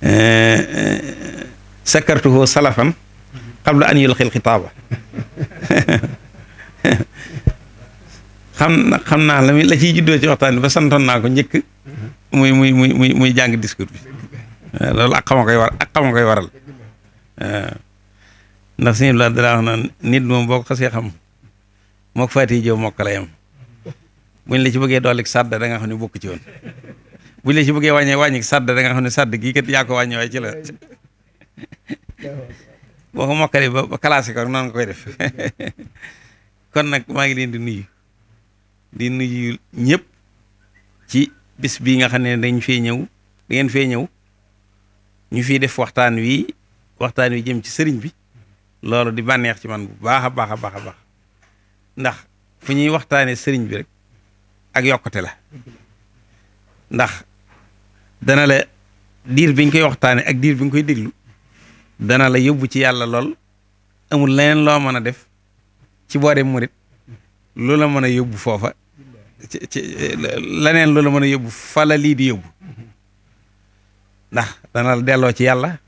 Eh, eh, sakartuhu salafan qabla an yulqil xitaaba xam xam naa la muy la ciy juddoo ci waxtaan ba santoon naa ko njëkk muy muy muy muy muy jàng discours bi eh, loolu ak xama koy war ak xama koy waral ndax suñu la dara wax na nit moom boo ko xasee xam moo ko faati jow mokk la yam buñ la ci bëggee doolik sàdda da xam ne bokk ci woon bu la ci bëggee wàññee wàññi sàdd da nga xam ne sàdd gii kat yaa ko wàññi waaye ci la boo ko mokkale ba ba classé ko noonu nga koy def kon nag maa ngi leen di nuyu di ñëpp ci bis bii nga xam ne dañ fee ñëw ngeen fee ñëw ñu fiy def waxtaan wi waxtaan wi jëm ci sëriñ bi loolu di bànneex ci man bu baax a baax a baax a baax ndax fu ñuy waxtaanee sëriñ bi rek ak yokkute la ndax dana la diir bi ñu koy waxtaane ak diir bi nga koy déglu dana la yóbbu ci yàlla lool amul leneen loo mën a def ci boore murit lu la mën a yóbbu foofa ci ci lu la mën a yóbbu fa la lii di yóbbu ndax dana la delloo ci yàlla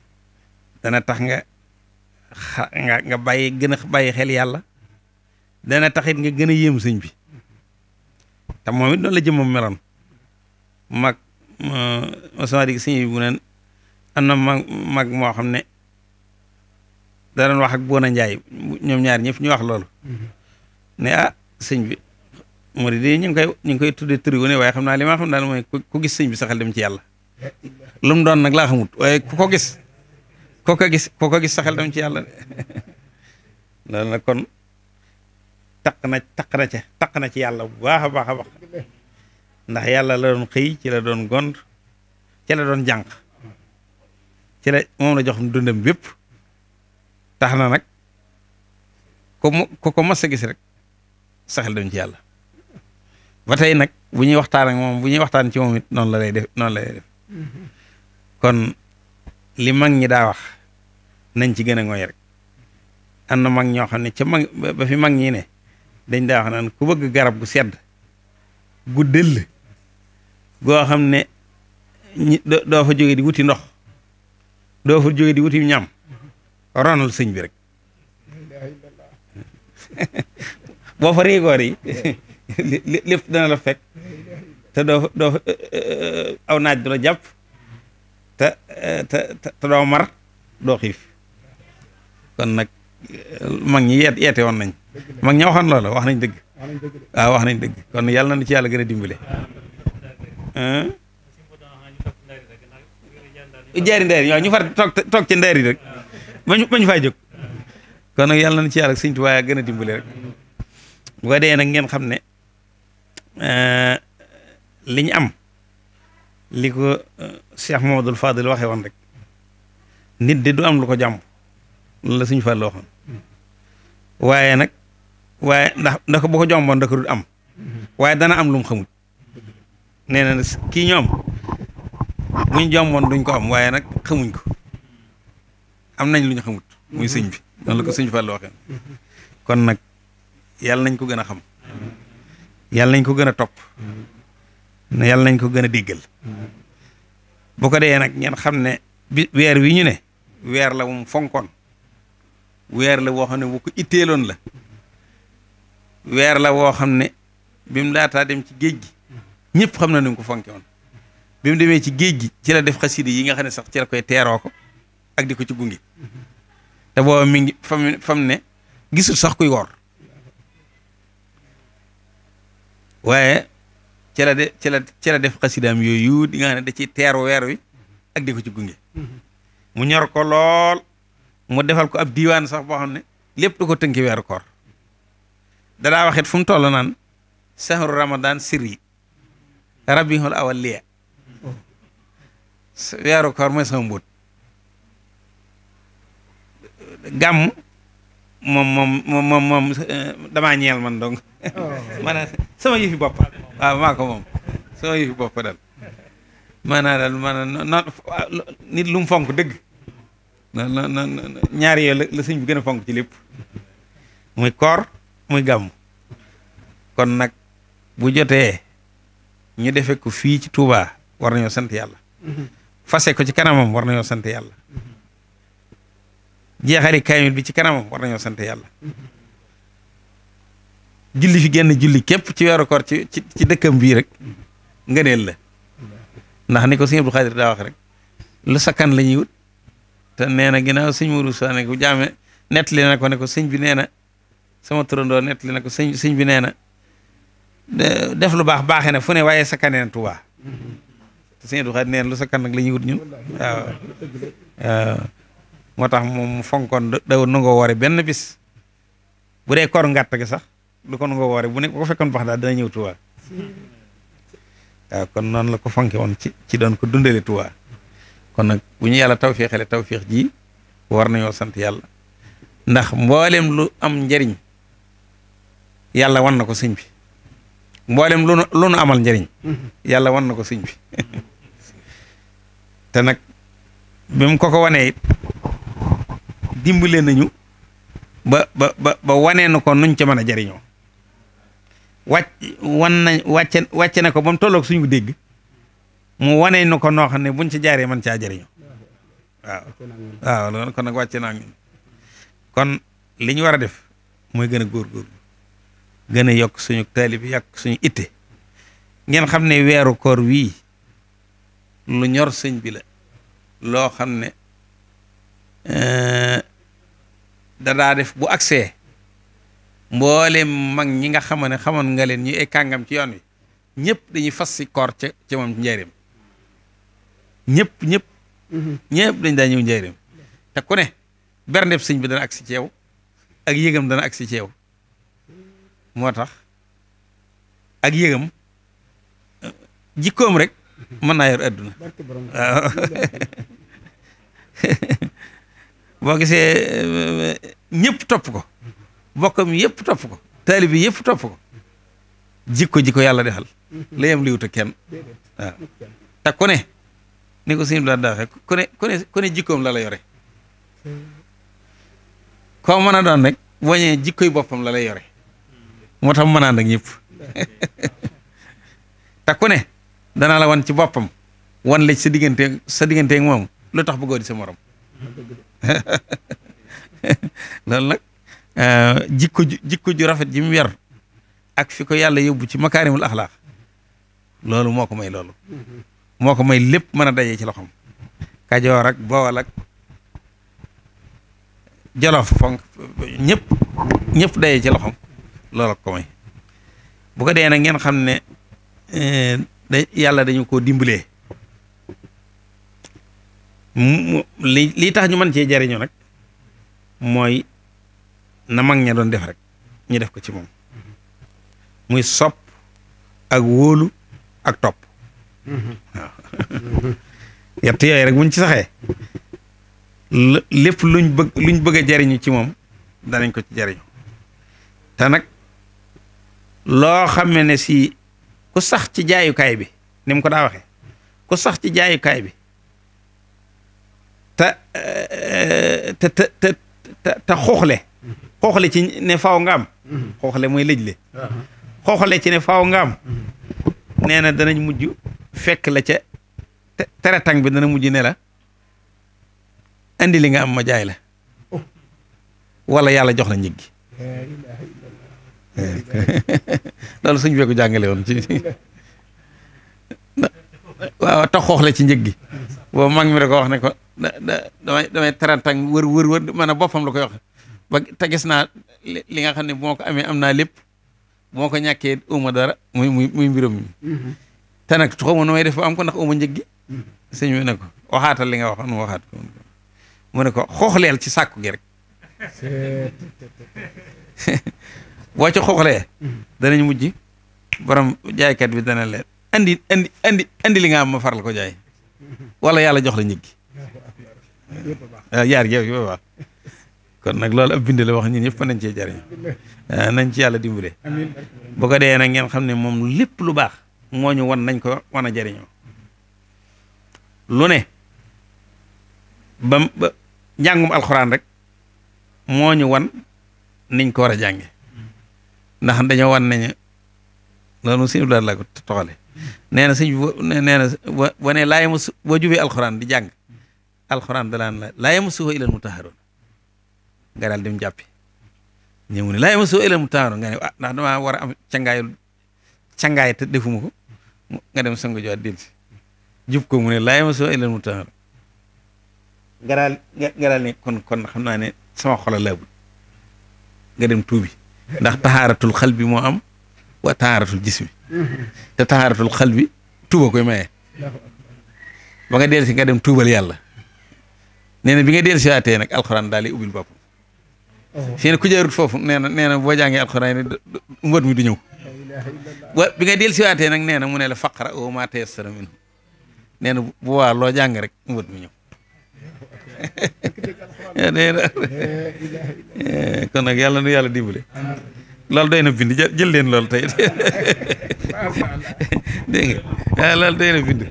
dana tax nga nga nga bàyyi gën bàyyi xel yàlla dana taxit nga gën a yéem sëñ bi te moom it noonu la jëmmam meloon mag mosuma dégg sëñ bi mu neen am na mag mag moo xam ne da doon wax ak Boona Njaay ñoom ñaar ñëpp ñu wax loolu mhm. ne ah sëñ bi murid yi ñu ngi koy ñu ngi koy tuddee turi wu xam naa li ma xam daal mooy ku gis sëñ bi saxal dem ci yàlla lu mu doon nag laa xamut ku ko gis ku ko gis ku ko gis saxal dem ci yàlla loolu nag kon taq na taq na ca taq na ci yàlla bu baax a baax a baax ndax yàlla la doon xëy ci la doon gont ci la doon jànq ci la moom la jox dundam bépp tax na nag ko ko ko mas a gis rek saxel dem ci yàlla ba tey nag bu ñuy waxtaan moom bu ñuy waxtaan ci moom it noonu la lay def noonu la kon li mag ñi daa wax nañ ci gën a ngooy rek am na mag ñoo xam ne ci mag ba fi mag ñi ne dañ daa wax naan ku bëgg garab gu sedd gu dëll goo xam ne doo fa jóge di wuti ndox doo fa jóge di wuti ñam ronal sëñ bi rek boo fa riigoor yi lépp dana la fekk te doo doo eh, eh, aw naaj du la jàpp eh, te te te doo mar doo xiif kon nag mag ñi yeet yeete woon nañ mag ña waxoon loola wax nañ dëgg waaw wax nañ dëgg kon yàlla na ci yàlla gën a dimbale jaari ndeer ñoo ñu far toog ci ndeer yi rek mañu mañu faa jóg kon nag yàlla na ci yàlla sëñ Tuubaa gën a dimbali rek bu nag ngeen xam ne eh, li am li ko eh, Cheikh Mamadou Fadil waxee woon rek nit de du am lu ko jàmm loolu la suñu Fàllu waxoon waaye nag waaye ndax ndax bu ko jomboon da ko dul am mm-hmm. waaye dana am lu mu nee na kii ñoom buñ jommoon duñ ko am waaye nag xamuñ ko am nañ lu ñu xamut muy sëñ bi noonu la ko sëñ Fall waxee kon nag yàlla nañ ko gën a xam yàlla nañ ko gën a topp yàlla nañ ko gën a déggal bu ko dee nag ngeen xam ne bi weer wi ñu ne weer la moom fonkoon weer la woo xam ne bu ko itteeloon la weer la woo xam ne bi mu laataa dem ci géej gi ñëpp xam na ni ko fonke woon bi mu ci géej gi ci la def xasida yi xam ne sax ci koy teeroo ko ak di ko ci mi ngi fam ne gisul sax kuy woor waaye ci la de ci la ci la def xasidaam yooyu di da ciy teeru weer wi ak di ko mu ko lool mu defal ko ab diwaan sax boo xam ne lépp du ko tënki weeru koor dadaa waxit fu mu toll naan sahru ramadan sirri rabiul awal liya weeru koor mooy sama mbóot gàmm moom moom moom moom damaa ñeel man donc oh. sama yëfi bopp waaw maa ko sama yëfi bopp dal maanaam daal maanaam non nit lu fonk dëgg non non ñaari yooyu la sëñ bi gën a fonk ci lépp muy koor muy gàmm kon nag bu jotee ñu defee ko fii ci Touba war nañoo sant yàlla. Mhm. fase ko ci kanamam war nañoo sant yàlla. Mhm. jeexari kaamil bi ci kanamam war nañoo sant yàlla. Mhm. julli fi genn julli képp ci weeru koor ci ci dëkkam bii rek ngëneel la ndax ni ko sëñ Abdou Khadir daa wax rek lu sakkan la ñuy wut te nee na ginnaaw sëñ Mourou Sa ne ko jaame nettali na ko sëñ bi nee na sama turandoo nettali na ko sëñ sëñ bi nee na def lu baax baaxee na fu ne waaye sakkan na Tuubaa te neen lu sakkan nag la ñuy wut ñun moo tax moom fonkoon daw nangoo woore benn bis bu dee koor ngàtt gi sax du ko nangoo woore bu ne ko fekkoon baax daal dana ñëw Tuubaa kon noonu la ko fonke woon ci ci doon ko dundale Tuubaa kon nag bu ñu yàlla tawféexale tawféex ji war nañoo sant yàlla ndax mboolem lu am njariñ yàlla wan na ko sëñ bi mboolem lu nu amal njariñ mm-hmm. yàlla wan na ko sëñ bi te nag bi mu ko ko wanee it dimbale nañu ba ba ba wanee na ko nuñ ca mën a jariñoo wàcc wan nañ wàcce wàcce na ko ba mu tolloog suñu dégg mu wanee na ko noo xam ne buñ ci jaaree mën caa jariñoo waaw waaw loolu kon nag wàcce naa kon li war a def mooy gën a góorgóorlu gën a yokk suñu taalibi yokk suñu itte ngeen xam ne weeru koor wii lu ñor sëñ bi la loo xam ne euh, dadaa def bu agsee mboolem mag ñi nga xam ne xamoon nga leen ñu ay kàngam ci yoon wi ñëpp dañuy fas si koor ca ci moom njëriñ ñëpp ñëpp mm-hmm. ñëpp dañ daa ñëw njëriñ te ku ne berndeb sëñ bi dana agsi ci ak yëgam dana agsi ci moo tax ak yëgam jikkoom rek mën naa yor adduna waaw boo gisee ñëpp topp ko bokkam yëpp topp ko taalibi yëpp topp ko jikko jikko yàlla defal la yem liwut ak kenn waaw ne ni ko suñu daan daaxee ku ne ku ne ku ne jikkoom la la yore koo mën a doon rek boo ñëwee jikkoy boppam la lay yore moo tax mu mën a ànd ak ñëpp ne danaa la wan ci boppam wan la sa diggante sa diggante ak moom lu tax bëggoo di sa morom loolu nag euh, jikko ju rafet jim mu ak fi ko yàlla yóbbu ci makaarimul axlaax loolu moo ko may loolu moo ko may lépp mën a dajee ci loxoom kajoor ak bawal ak jolof fonk ñëpp ñëpp dajee ci loxoom loola ko may bu ko dee nag ngeen xam ne eh, da yàlla dañu koo dimbalee li lii tax ñu mën cee jariñu nag mooy na mag ña doon def rek ñu def ko ci moom muy sopp ak wóolu ak topp waaw yooyu rek buñ ci saxee lépp luñ bëgg luñ bëgg jariñu ci moom danañ ko ci jariñu te loo xam ne si ku sax ci jaayukaay bi ni mu ko daa waxe ku sax ci jaayukaay bi te eh, te te xooxle xooxle ci ne faw ngaam am xooxle mooy lëjle xooxle ci ne faw ngaam am nee na danañ mujj fekk la ca teretang bi dana mujj ne la andi li nga am ma jaay la wala yàlla jox la njëg gi loolu suñ fekku jàngale woon ci waaw taxoox la ci njëg gi boobu mag mi da ko wax ne ko da da damay damay tarantang wër wër boppam la koy wax ba naa li nga xam ne bu ko amee am naa lépp bu ko ñàkkee uma dara muy muy muy mbiram mi te nag xaw nu may def ba am ko ndax uma njëg gi sëñ ne ko waxaatal li nga waxoon mu waxaat mu ne ko xooxleel ci sàkku gi rek boo ci xooxlee mm-hmm. danañ mujj borom jaaykat bi dana leen indi andi indi andi li nga am ma faral ko jaay mm-hmm. wala yàlla jox la njëg gi ah, yaar yow kon nag loolu ab bind la wax ñun ñëpp nañ cee jariñ ah, nañ ci yàlla dimbale bu ko dee nag ngeen xam ne moom lépp lu baax moo ñu wan nañ ko wan a jariñoo lu ne ba njàngum alxuraan rek moo ñu wan niñ ko war a jànge ndax dañoo wan nañu loolu sëñ Abdoulaye laa ko toxale nee na sëñ nee na wa wane laa yamas boo jubee alxuraan di jàng alxuraan dalaan la laa yamassuhu illal mutahharuun nga daal dem jàppi ñëw ne laa yamassuhu illal mutahharuun ah, war a am cangaayul cangaay te defuma nga dem sangu jowaat delsi jub ko mu ne laa yamassuhu illal mutahharuun nga daal nga daal ne kon kon xam naa ne sama xol a laabul nga dem tuubi ndax taxaaratul xal bi moo am wa taxaaratul jismi te taxaaratul xal bi tuuba koy maye ba nga dellusi nga dem tuubal yàlla nee na bi nga dellusi waatee nag alxuraan daal di ubbil boppam. Oh. seen ku jaarut foofu nee na nee na boo jàngee alxuraan yi mbët mi du ñëw. wa bi nga dellusi waatee nag nee na mu ne la faqra oo maa tayassara minhu nee na bu waa loo jàng rek mbët mi ñëw. Eh, nee na eh, kon nag yàlla nu yàlla dimbale loolu doy na bind jël leen loolu tey dégg nga ah, loolu doy na bind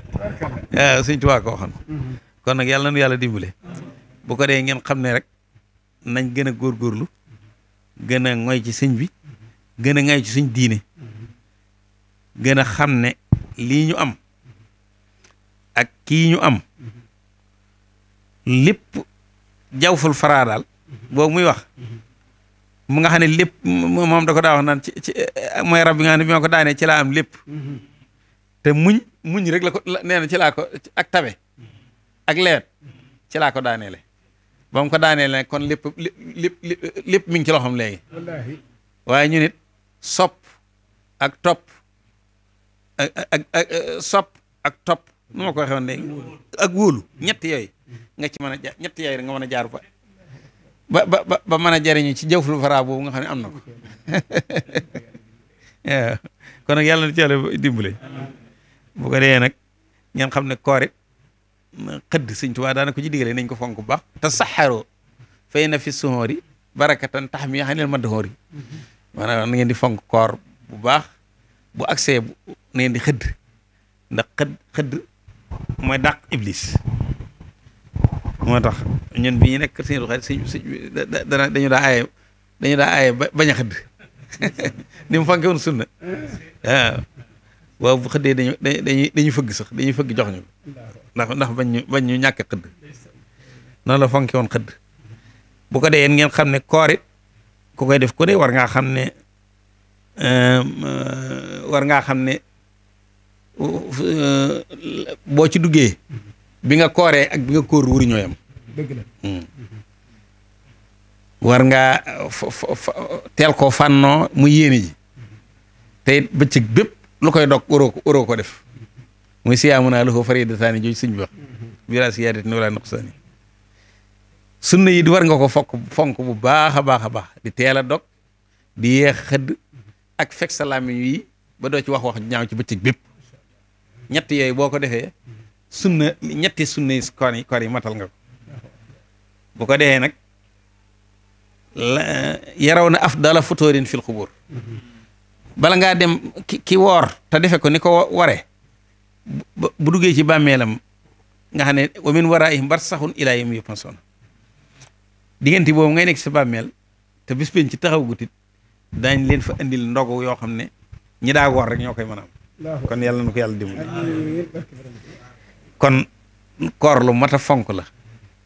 ah, suñ tubaa ko kon nag yàlla nu yàlla dimbale bu ko dee ngeen xam ne rek nañ gën a góorgóorlu gën a ngoy ci sëñ bi gën a ngay ci suñ diine gën xam ne lii ñu am ak kii ñu am lépp jawful faraa boobu muy wax mu nga xam ne lépp moom da ko daa naan ci ci mooy rab bi nga xam ne bi ko daanee ci laa am lépp te muñ muñ rek la ko nee ci laa ko ak tabe ak lewet ci laa ko daaneele ba mu ko daaneele kon lépp lépp lépp mi ngi ci loxoom léegi waaye ñu nit sopp ak topp ak ak sopp ak topp nu ma ko waxee woon ak wóolu ñett yooyu nga ci mën a jaar ñetti nga mën a jaar ba ba ba ba mën a jariñu ci jëflu fara boobu nga xam ne am na kon nag yàlla na ci yàlla dimbale bu ko dee nag ngeen xam ne koorit xëdd sëñ Tuubaa daana ko ci digale nañ ko fonk bu baax te saxaroo fay na fi suhoori barakatan tax mi xam ne ma doxoori maanaam ngeen di fonk koor bu baax bu accès na ngeen di xëdd ndax xëdd xëdd mooy dàq iblis moo tax ñun bi ñu nekk kër Serigne Abdou Khadre sëñ dañu daa aaye dañu daa aaye bañ a xëdd ni mu fànke woon sunna waaw bu xëddee dañu fëgg sax dañuy fëgg jox ñu ndax ndax bañ ñu bañ ñàkk xëdd noonu la fonke woon xëdd bu ko dee yéen ngeen xam ne koor it koy def ku ne war ngaa xam ne euh, euh, war xam ne euh, boo ci duggee bi nga kooree ak bi nga kóor wuri dëgg la. Hmm. war ngaa uh, teel koo fànnoo mu yéene ji te bëccëg bépp lu koy dog waroo ko waroo ko def muy siyaamu naa la ko faridataani jooju sëñ bi wax bila siyaadatin wala nuqsaani sunna yi war nga ko fokk fonk bu baax a baax a baax di teel a dog di yeex xëdd ak fekk sa làmmiñ yi ba doo ci wax wax ñaaw ci bëccëg bépp ñetti yooyu boo ko defee sunna ñetti sunna yi koor matal nga ko bu ko defee nag yaraw na afdala futoorin fil xubur bala ngaa dem ki ki woor te defe ko ni ko ware bu duggee ci bàmmeelam nga xam ne wa min waraihim barzaxun ilaa yawmi yub'asuun diggante boobu ngay nekk sa bàmmeel te bis ci taxaw gutit daañ leen fa indil ndogu yoo xam ne ñi daa woor rek ñoo koy mën a am kon yàlla na ko yàlla dimbali kon koor lu mat a fonk la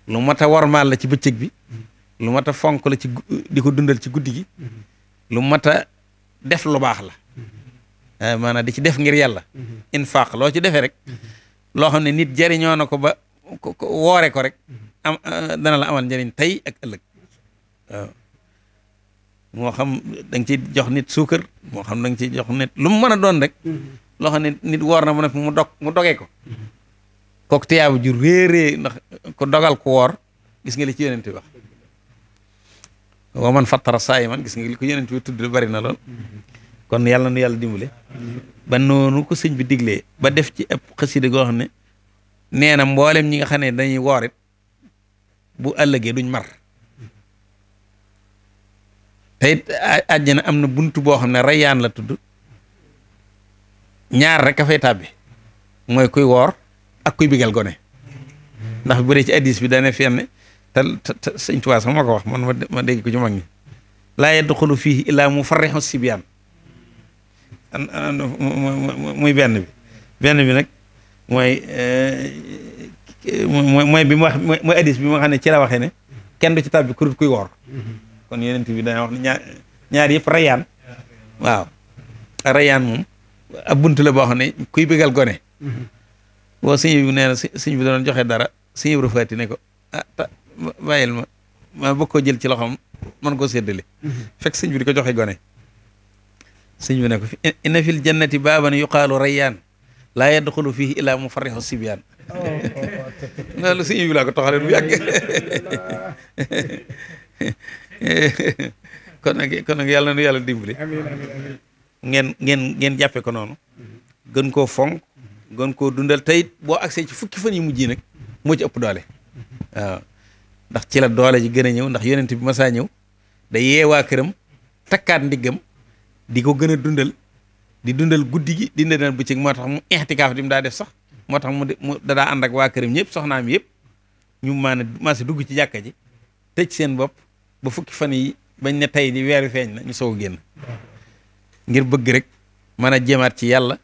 lu mat a wormaal la ci bëccëg bi lu mat a fonk la ci di ko dundal ci guddi gi lu mat a def lu baax la eh, maanaam di ci def ngir yàlla infaq loo ci defee rek loo xam ne nit jariñoo na ko ba woore ko rek am eh, dana la amal njariñ tey ak ëllëg moo xam da nga ciy jox nit suukar moo xam da nga ciy jox nit lu mu mën a doon rek loo xam ne nit woor na mu ne mu dog mu doge ko kooku tiyaabu jur réerée ndax ko dogal ku woor gis nga li ci yonent bi wa man fattara saayiman gis nga li ko yonent bi tudd bari na lool kon yàlla nu yàlla dimbale ba noonu ko sëñ bi digle ba def ci ab xasida goo xam ne nee na mboolem ñi nga xam ne dañuy woorit bu ëllëgee duñ mar te it am na bunt boo xam ne rayaan la tudd ñaar rek a fay tàbbi mooy kuy woor ak kuy bigal gone ndax bu dee ci addis bi dane fenn te te sëñ Tuubaa sax ko wax man ma dégg ko ci mag ñi laa yadxulu fii illaa mufarrixu sibyaan muy benn bi benn bi nag mooy eh, mooy bi mu wax mooy addis bi ma xam ne ci la waxee ne kenn du ci bi kurut kuy woor kon yenent bi dana wax ñaar ñaar yëpp rayaan waaw rayaan moom ab bunt la boo xam ne kuy bigal gone boo sëñ bi nee na sëñ bi doon joxe dara sëñ Ibra Faati ko ah ta bàyyil ma ma bëgg koo jël ci loxoom man koo séddale mhm. fekk sëñ bi di ko joxe gone sëñ bi ne ko inna fil jannati baaban yuqaalu rayyaan laa yadxulu fihi illaa mufarrixu sibyaan oh. loolu sëñ bi laa ko toxalee bu yàgg kon nag kon yàlla nu yàlla dimbali ngeen ngeen ngeen jàppe ko noonu mhm. gën koo fonk gën koo dundal tayit boo agsee ci fukki fan yu mujj nag moo ci ëpp doole waaw ndax ci la doole ji gën a ñëw ndax yonent bi masaa ñëw da yee waa këram takkaat ndiggam di ko gën a dundal di dundal guddi gi di dundal bëccëg moo tax mu ixtikaaf di mu daa def sax moo tax mu mu dadaa ànd ak waa këram ñëpp soxnaam yëpp ñu maanaam maase dugg ci jàkka ji tëj seen bopp ba fukki fan yi bañ ne tey di weeru feeñ na ñu soog a génn ngir bëgg rek mën a jéemaat ci yàlla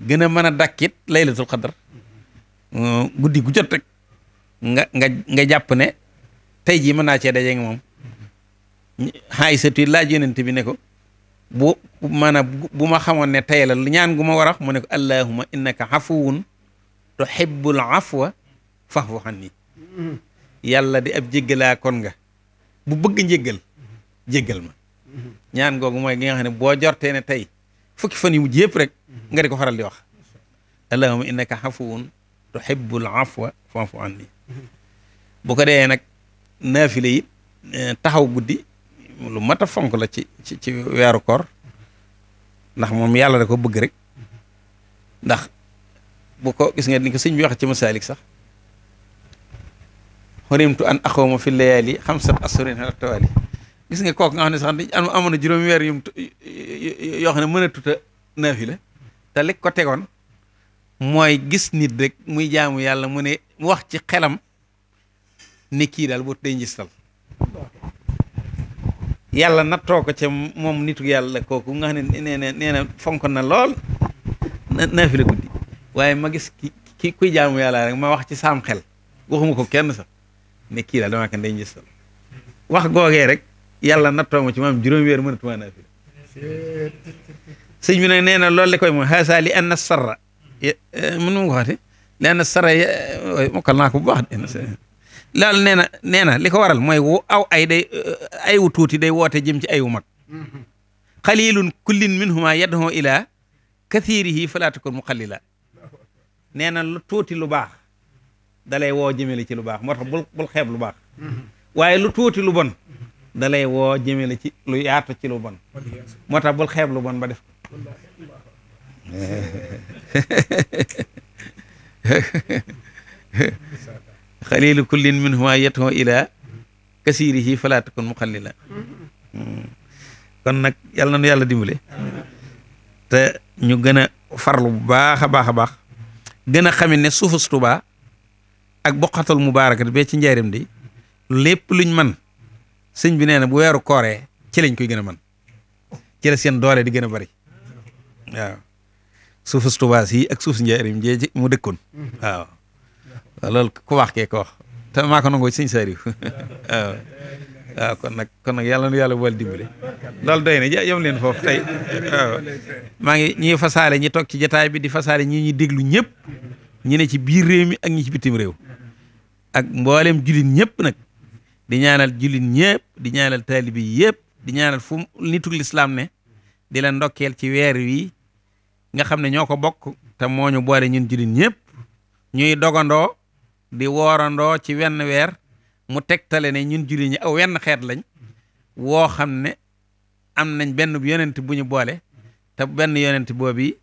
gën a mën a dakkit laylatul xadar euh, guddi gu jot rek nga nga nga jàpp ne tey jii mën naa cee daje nga moom xaayisatu laaj yonent bi ne ko bu maanaam bu ma xamoon ne tey la ñaan gu ma war a wax mu ne ko allahuma innaka afuwun tuhibbul afwa fa'fu anni yàlla di ab jéggalaa kon nga bu bëgg njéggal jéggal ma ñaan googu mooy gi nga ne boo jortee ne tey fukki fan yu mujj yëpp rek nga ko faral di wax allahumma innaka afuwun tuhibbul afwa fa'fu anni bu ko dee nag naafile yi eh, taxaw guddi lu mat fonk la ci ci weeru koor ndax moom yàlla da ko bëgg rek ndax bu ko gis nga ni ko sëñ bi wax ci masaalik sax xorimtu an axawma fi layaali xamsat asrin ala tawaali gis nga kooku nga xam ne sax amoon na juróomi weer yum yoo xam ne mënatut a naafila te li ko tegoon mooy gis nit rek muy jaamu yàlla mu ne mu wax ci xelam ni kii daal bu day njistal yàlla nattoo ko ca moom nitu yàlla kooku nga xam ne nee na nee na fonk na lool naafila guddi waaye ma gis ki ki kuy jaamu yàlla rek ma wax ci saam xel waxuma ko kenn sax ne kii daal damaa ko day njistal wax googee rek yàlla nattoo ma ci maam juróom weer mënatuma naafila sëñ ñu nag nee na loolu la koy mooy haasa li anna sarra eh, mën mu waxati li anna sarra eh, mokkal naa ko bu baax loolu nee na nee na li ko waral mooy wu aw ay day eh, ayu tuuti day woote jëm ci ayu mag xalilun kullin minhuma yadhoo ila kathirihi falaa takun muqallila nee na lu tuuti lu baax dalay woo jëmele ci lu baax moo tax bul bul xeeb lu baax mm-hmm. waaye lu tuuti lu bon dalay woo jëme la ci lu yaatu ci lu bon moo tax bul xeeb lu bon ba def ko xalilu kullin minhuma yetoo ila kasirihi fala takun muqallila kon nag yàlla na yàlla dimbale te ñu gën a farlu bu baax a baax a baax gën a xamit ne suufus Tuubaa ak boqatul mubaarakat bee ci njaarim di lépp luñ man sëñ bi nee na bu weeru kooree ci lañ koy gën a mën ci la seen doole di gën a bari waaw suufu tubaas yi ak suuf njaarim jee mu dëkkoon waaw loolu ku wax kee ko wax te maa ko nangoo sëñ kon nag kon nag yàlla nu yàlla bool dimbale loolu doy na leen foofu tey waaw maa ngi ñi fasaale ñi toog ci jataay bi di fasaale ñi ñuy déglu ñëpp ñi ne ci biir réew mi ak ñi ci bitim réew ak mboolem jullit ñëpp nag di ñaanal jullit ñëpp di ñaanal taalibi yëpp di ñaanal fu nitu lislaam ne di la ndokkeel ci weer wi nga xam ne ñoo ko bokk te moo ñu boole ñun jullit ñëpp ñuy dogandoo di woorandoo ci wenn weer mu tegtale ne ñun jullit ñi aw wenn xeet lañ woo xam ne am nañ benn yonent bu ñu boole te benn yonent boobu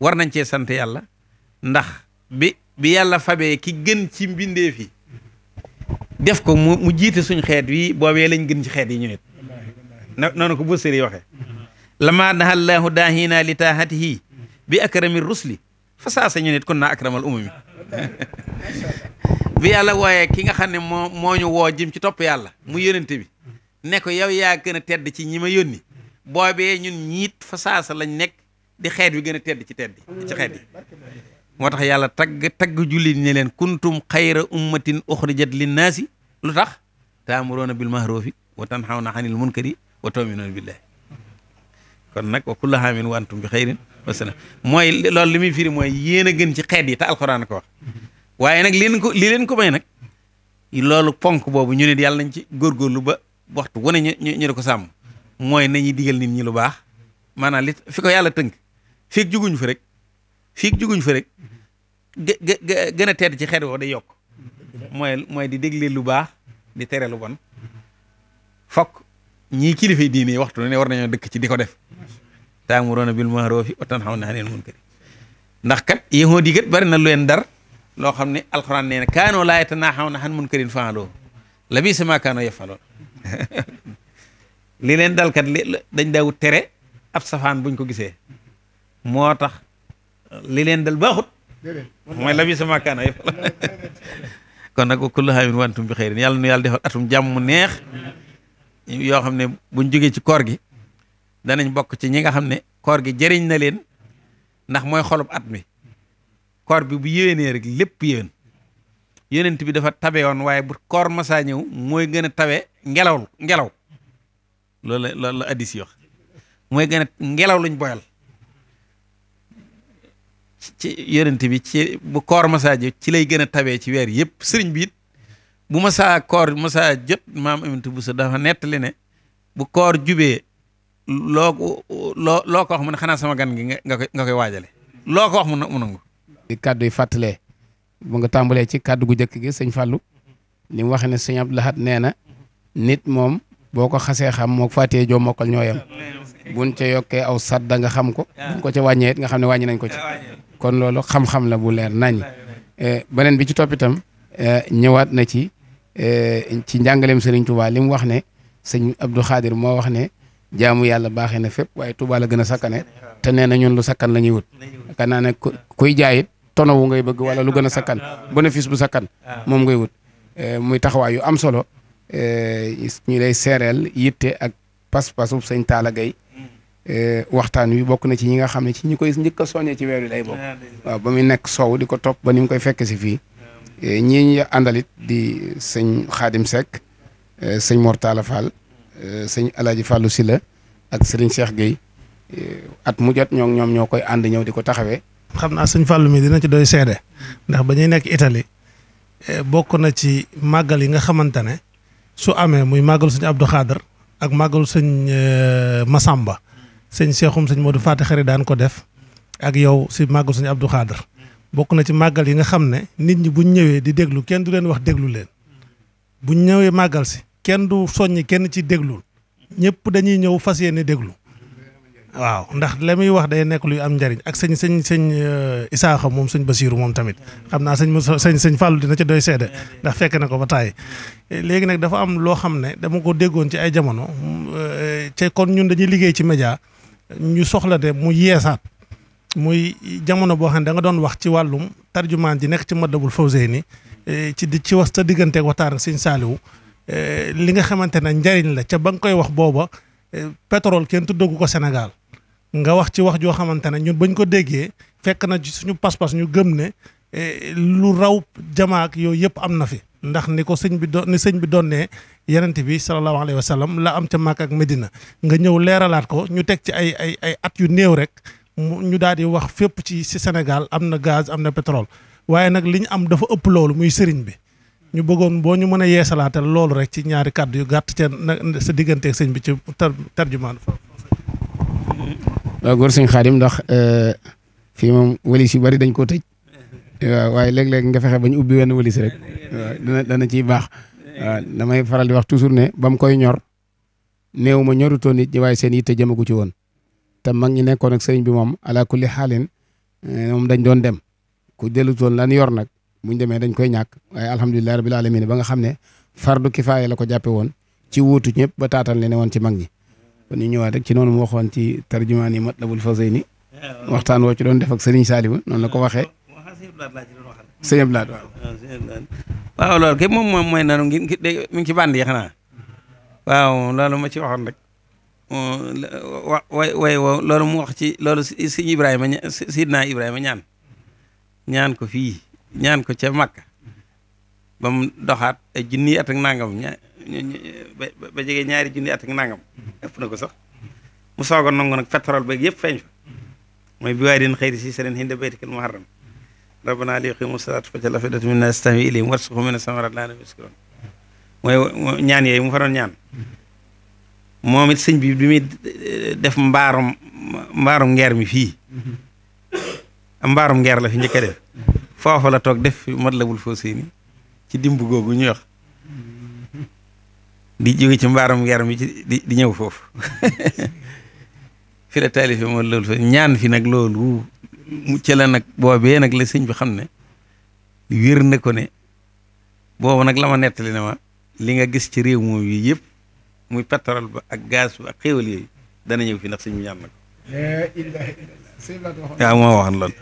war nañ cee sant yàlla ndax bi bi yàlla fabee ki gën ci mbindeef yi def ko mu mu jiite suñ xeet wi boobee lañ gën ci xeet yi ñu nit na noonu ko bu sëri waxe lama naha llaahu daahina li taahatihi bi akrami rusli fa saasa ñu nit kon naa akramal umami bi yàlla wooyee ki nga xam ne moo moo ñu woo jëm ci topp yàlla mu yónente bi ne ko yow yaa gën a tedd ci ñi ma yónni boobee ñun ñiit fa saasa lañ nekk di xeet wi gën a tedd ci tedd ci xeet yi moo tax yàlla tagg tagg jullit ñi leen kuntum xayra ummatin uxrijat linnaasi lu tax taamuroona bil mahrufi wa tanhawna anil munkari wa tuminuuna billahi kon nag wa kullu aamin wa antum bi xayrin wasalaam mooy lool li muy firi mooy yéen a gën ci xeet yi te alxuraan ko wax waaye nag li leen ko li leen ko may nag loolu ponk boobu ñu ne yàlla nañ ci góorgóorlu ba waxtu wane ñu ñu ko sàmm mooy nañuy digal nit ñi lu baax maanaam li fi ko yàlla tënk feeg juguñu fi rek fii juguñ fa rek gën a tedd ci xeet woo day yokk mooy mooy di dégle lu baax di tere lu bon fokk ñii kilifay diine yi waxtu ne war nañoo dëkk ci di ko def taamuruuna bil ma'ruufi wa tanhawna anil munkari ndax kat yahuud di kat bari na lu leen dar loo xam ne alxuraan nee na kaanoo laa yatanaaxawna an munkarin fa'aluu labiisa maa kaanoo yaf'aluun li leen dal kat li dañ daawut tere ab safaan buñ ko gisee moo tax li leen dal baaxut mooy la bi kon nag kullu aamin wa bi xeyrin yàlla nu yàlla defal atum jàmm neex yoo xam ne buñ jógee ci koor gi danañ bokk ci ñi nga xam ne koor gi jëriñ na leen ndax mooy xolub at mi koor bi bu yéenee rek lépp yéen yonent bi dafa tabe woon waaye bu koor masaa ñëw mooy gën a tawe ngelaw ngelaw loolu la addis yi mooy gën a ngelaw luñ boyal ci yonent bi ci bu koor masaa jot ci lay gën a ci weer yëpp sëriñ bi bu masaa koor masaa jot maam Aminata Bousso dafa nettali ne bu koor jubee loo loo loo ko wax mu ne xanaa sama gan gi nga koy nga koy waajale loo ko wax mu mu di kàddu yi bu nga tàmbalee ci kàddu gu njëkk gi sëñ Fallou li wax ne sëñ Abdou Lahad nit moom boo ko xasee xam moo fàttee joo mokkal ñooyam buñ ca yokkee aw sadda nga xam ko buñ ko ca wàññee it nga xam ne wàññi nañ ko ci kon loolu xam-xam la bu leer nañ eh, beneen bi ci toppitam itam eh, ñëwaat na ci eh, ci njàngaleem Serigne Touba li mu wax ne sëñ Abdou Khadir moo wax ne jaamu yàlla baaxee na fépp waaye Touba la gën a sakkane te nee na ñun lu sakkan la ñuy wut. xanaa kuy jaayit tono wu ngay bëgg wala lu gën a sakkan bénéfice bu sakkan moom ngay wut muy taxawaay yu am solo ñu lay seereel yitte ak pas-pasu sëñ Talla Gueye Eh, waxtaan wi bokk na ci ñi nga xam ne ci ñi koy njëkk a soññee ci weer wi lay bokk. Ah, waaw ba muy nekk soow di ko topp ba ni mu koy fekke si fii. Ah. Eh, ñii ñu àndalit di sëñ Xaadim Seck eh, sëñ Mortala Fall sëñ Alaaji si la ak sëriñ Cheikh Gueye at mu ñoo ñoom ñoo koy ànd ñëw di ko taxawee. xam naa sëñ Fàllu mi dina ci doy seede ndax ba ñuy nekk Italie bokk na ci màggal yi nga xamante ne su amee muy màggal sëñ Abdou Khader ak màggal sëñ masamba sëñ Cheikhoum sëñ du Faty Khary daan ko def ak yow si màggal sëñ Abdou Khader bokk na ci màggal yi nga xam ne nit ñi buñ ñëwee di déglu kenn du leen wax déglu leen bu ñëwee màggal si kenn du soññi kenn ci déglul ñëpp dañuy ñëw fas yéene déglu waaw ndax la muy wax day nekk luy am njariñ ak sëñ sëñ sëñ euh, Isaaxa moom sëñ Basiiru moom tamit xam naa sëñ sëñ sëñ Fàllu dina ci doy seede ndax fekk ne ko ba tàyyi léegi nag dafa am loo xam ne dama ko déggoon ci ay jamono euh, te kon ñun dañuy liggéey ci média ñu soxla de mu yeesaat muy jamono boo xam ne da doon wax ci wàllum tarjumaan ji nekk ci Matlabul Fawzayni eh, ci di ci wax ta diggante waxtaan ak Sëñ Saaliwu eh, li nga xamante ne njariñ la ca ba koy wax booba eh, pétrole kenn tuddagu ko Sénégal nga wax ci wax joo xamante ne ñu bañ ko déggee fekk na ci suñu pas-pas ñu gëm ne lu raw jamaak yooyu yëpp am na fi ndax ni ko sëñ bi doon sëñ bi doon yenent bi sallallahu alayhi wa sallam la am ca Màkka ak Medina nga ñëw leeralaat ko ñu teg ci ay ay at yu néew rek ñu daal di wax fépp ci si Sénégal am na gaz am na pétrole waaye nag li ñu am dafa ëpp loolu muy sëriñ bi ñu bëggoon boo ñu mën a yeesalaatal loolu rek ci ñaari kàddu yu gàtt ca sa digganteeg sëñ bi ci tarjumaan waaw góor sëñ Xaadim ndax euh, fi moom walis yu bari dañ ko tëj waaw waaye léeg-léeg nga fexe ba ñu ubbi wenn walis rek dana ciy baax Ah, damay faral di wax toujours ne ba mu koy ñor néew ma ñorutoon nit ñi waaye seen yitte jëmagu ci woon te mag ñi nekkoon ak sëriñ bi moom ala kulli xaalin eh, moom dañ doon dem ku dellutoon lan yor nag buñ demee dañ koy ñàkk waaye alhamdulilah rabil alamin ba nga xam ne fardu kifaaya la ko jàppe woon ci wuutu ñëpp ba taataan la woon ci mag ñi. kon ñu ñëwaat rek ci noonu mu waxoon ci tarjumaani Matlabul ni waxtaan woo ci doon def ak sëriñ Saliou noonu la ko waxee. waaw loolu kay moom moom mooy na ngi ngi mi ngi ci bànd yi xanaa loolu ma ci waxoon rek wa way way loolu mu wax ci loolu si Ibrahima sidna Ibrahima ñaan ñaan ko fii ñaan ko ca Makka ba mu doxaat ay junni at ak nangam ña ba jege ñaari junni at ak nangam ëpp na ko sax mu soog a nangu nag pétrole beeg yëpp feeñ fa mooy bi waay din xëy si seen hindi baytikal muharram rabbana li yuqimu salaat faj'al af'idatan min naas tahwi ilayhim warzuqhum mina samaraat la'allahum yashkurun mooy ñaan yooyu mu fa doon ñaan moom it sëñ bi bi muy def mbaarum mbaarum ngeer mi fii mbaarum ngeer la fi njëkk def foofa la toog def Matlabul Fawzayni ci dimb googu ñuy wax di jóge ci mbaarum ngeer mi ci di di ñëw foofu fi la taalife Matlabul ñaan fi nag loolu ci la nag boobee nag la sëñ bi xam ne wér na ko ne boobu nag la ma nettali ne ma li nga gis ci réew moom yi yëpp muy pétrole ba ak gaz ba ak xéwal dana ñëw fi ndax sëñ bi ñaan na ko waaw moo waxoon loolu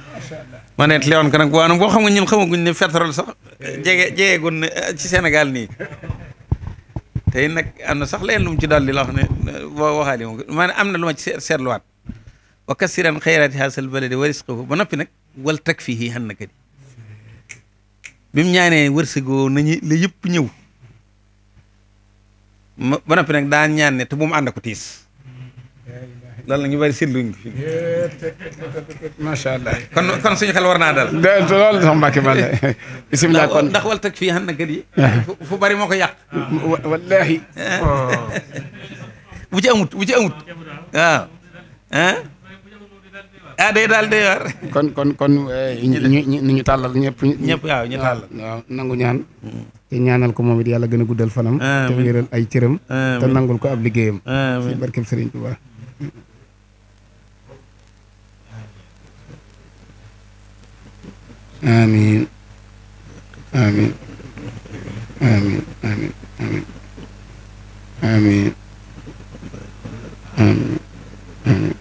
ma ne leewoon ko nag boo xam nga ñun xamaguñ ne pétrole sax jege jegeegun eh, ci senegal nii te nag am na sax leen lu mu ci daal di la wax ne boo eh, waxaale ma ko ma ne am na lu ma ci seetluwaat wa kassiran xayraati haasal baladi wa risqahu ba noppi nag wal takfihi hannakadi bi mu ñaanee wërsëgoo nañu la yëpp ñëw ba noppi nag daan ñaan ne te bu mu ànd ko tiis loolu la ñu bari seetluñ ko. macha allah. kon kon suñu xel war naa dal. loolu sax Mbacke ma la. bisimilah kon ndax wal tag fii xam na yi. fu bari moo ko yàq. wallahi bu amut bu amut waaw. ah daal day war. kon kon kon eh, ñu ñu tàllal ñëpp. ñëpp waaw ñu tàllal nangu ñaan. te ñaanal ko moom it yàlla gën a guddal fanam. te wéeral ay cëram. te nangul ko ab liggéeyam. amiin ci barkeb Sëriñ Tuubaa. amiin amiin amiin amiin amiin amiin amiin amiin